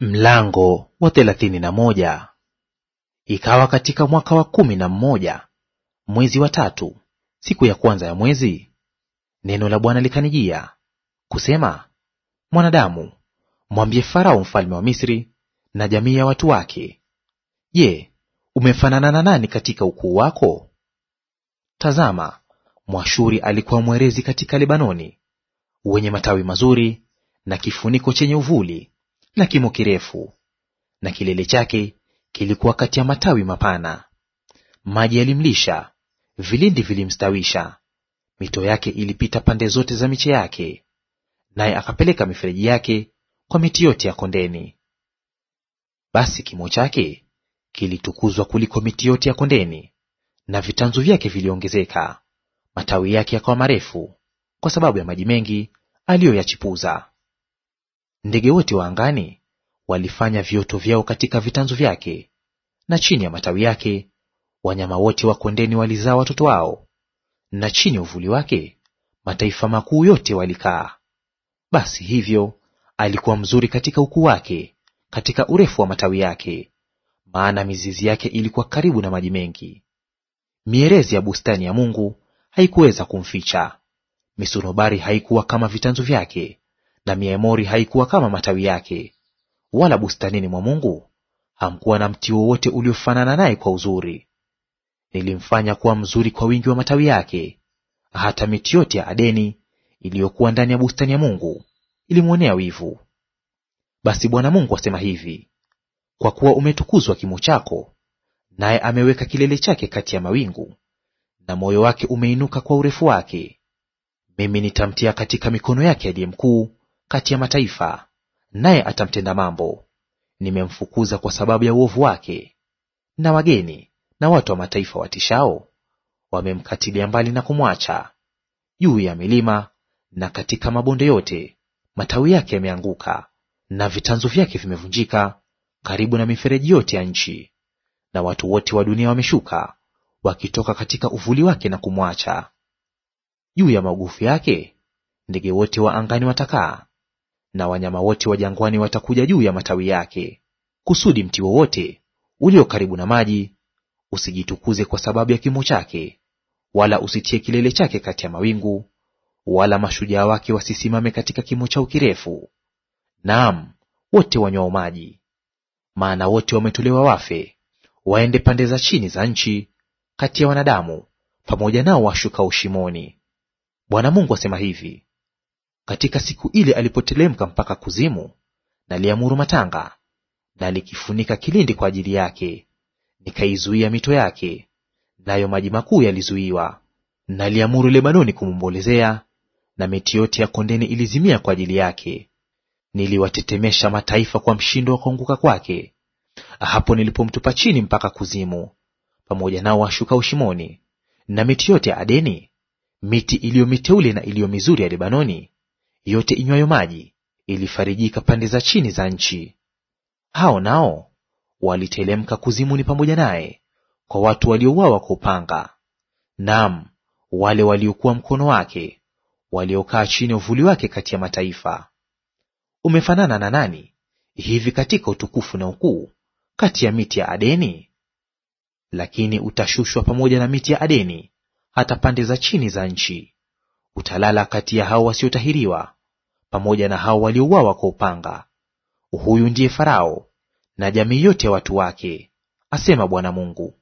Mlango wa thelathini na moja. Ikawa katika mwaka wa kumi na mmoja mwezi wa tatu siku ya kwanza ya mwezi, neno la Bwana likanijia kusema, Mwanadamu, mwambie Farao mfalme wa Misri na jamii ya watu wake, Je, umefanana na nani katika ukuu wako? Tazama, Mwashuri alikuwa mwerezi katika Lebanoni, wenye matawi mazuri na kifuniko chenye uvuli na kimo kirefu, na kilele chake kilikuwa kati ya matawi mapana. Maji yalimlisha, vilindi vilimstawisha, mito yake ilipita pande zote za miche yake, naye akapeleka mifereji yake kwa miti yote ya kondeni. Basi kimo chake kilitukuzwa kuliko miti yote ya kondeni, na vitanzu vyake viliongezeka. Matawi yake yakawa marefu kwa sababu ya maji mengi aliyoyachipuza. Ndege wote wa angani walifanya vioto vyao katika vitanzu vyake, na chini ya matawi yake wanyama wote wa kondeni walizaa watoto wao, na chini ya uvuli wake mataifa makuu yote walikaa. Basi hivyo alikuwa mzuri katika ukuu wake, katika urefu wa matawi yake, maana mizizi yake ilikuwa karibu na maji mengi. Mierezi ya bustani ya Mungu haikuweza kumficha, misunobari haikuwa kama vitanzu vyake, na Miemori haikuwa kama matawi yake, wala bustanini mwa Mungu hamkuwa na mti wowote uliofanana naye kwa uzuri. Nilimfanya kuwa mzuri kwa wingi wa matawi yake, hata miti yote ya Adeni iliyokuwa ndani ya bustani ya Mungu ilimwonea wivu. Basi Bwana Mungu asema hivi: kwa kuwa umetukuzwa kimo chako, naye ameweka kilele chake kati ya mawingu, na moyo wake umeinuka kwa urefu wake, mimi nitamtia katika mikono yake aliye mkuu, kati ya mataifa, naye atamtenda mambo. Nimemfukuza kwa sababu ya uovu wake, na wageni na watu wa mataifa watishao wamemkatilia mbali na kumwacha. Juu ya milima na katika mabonde yote matawi yake yameanguka, na vitanzo vyake vimevunjika karibu na mifereji yote ya nchi. Na watu wote wa dunia wameshuka wakitoka katika uvuli wake na kumwacha. Juu ya magofu yake ndege wote wa angani watakaa, na wanyama wote wa jangwani watakuja juu ya matawi yake, kusudi mti wowote ulio karibu na maji usijitukuze kwa sababu ya kimo chake, wala usitie kilele chake kati ya mawingu, wala mashujaa wake wasisimame katika kimo chao kirefu, naam, wote wanywao maji. Maana wote wametolewa wafe, waende pande za chini za nchi, kati ya wanadamu pamoja nao washukao shimoni. Bwana Mungu asema hivi: katika siku ile alipotelemka mpaka kuzimu, naliamuru matanga, na likifunika kilindi kwa ajili yake. Nikaizuia mito yake, nayo maji makuu yalizuiwa. Naliamuru Lebanoni kumwombolezea, na miti yote ya kondeni ilizimia kwa ajili yake. Niliwatetemesha mataifa kwa mshindo wa kuanguka kwake, hapo nilipomtupa chini mpaka kuzimu, pamoja nao washuka ushimoni. na miti yote ya Adeni, miti iliyo miteule na iliyo mizuri ya Lebanoni yote inywayo maji ilifarijika pande za chini za nchi. Hao nao walitelemka kuzimuni pamoja naye kwa watu waliouawa kwa upanga, naam, wale waliokuwa mkono wake, waliokaa chini ya uvuli wake kati ya mataifa. Umefanana na nani hivi katika utukufu na ukuu kati ya miti ya Adeni? Lakini utashushwa pamoja na miti ya Adeni hata pande za chini za nchi. Utalala kati ya hao wasiotahiriwa pamoja na hao waliouawa kwa upanga. Huyu ndiye Farao na jamii yote ya watu wake, asema Bwana Mungu.